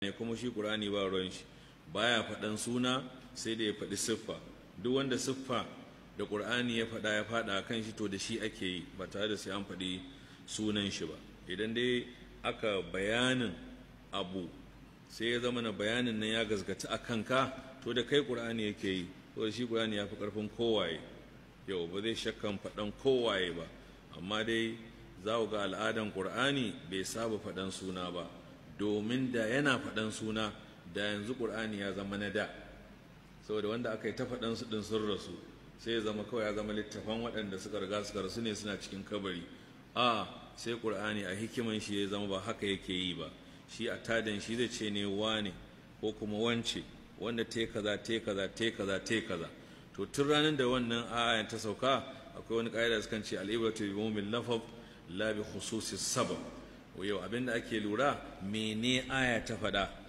ne kuma shi Qur'ani ba ruwan shi baya faɗan suna sai da ya faɗi siffa duk wanda siffa da Qur'ani ya faɗa ya faɗa kan shi to da shi ake yi ba tare da sai an faɗi sunan shi ba idan dai aka bayanin abu sai ya zama na bayanin nan ya gazgata a kanka to da kai Qur'ani yake yi to da shi Qur'ani ya fi ƙarfin kowaye yau ba zai shakkan faɗan kowaye ba amma dai za ga al'adan ƙur'ani bai saba faɗan suna ba domin da yana faɗan suna da yanzu ƙur'ani ya zama na da saboda wanda aka yi ta faɗan su ɗin sun rasu sai ya zama kawai ya zama littafan waɗanda suka riga suka rasu ne suna cikin kabari a sai ƙur'ani a hikiman shi ya zama ba haka yake yi ba shi a tadin shi zai ce ne wane ko kuma wance wanda te kaza te kaza te kaza te kaza to tun ranar da wannan ayan ta sauka akwai wani ƙa'ida sukan ce al'ibratu bi umumil lafaz la bi khususis sabab yau abin da ake lura mene aya ta faɗa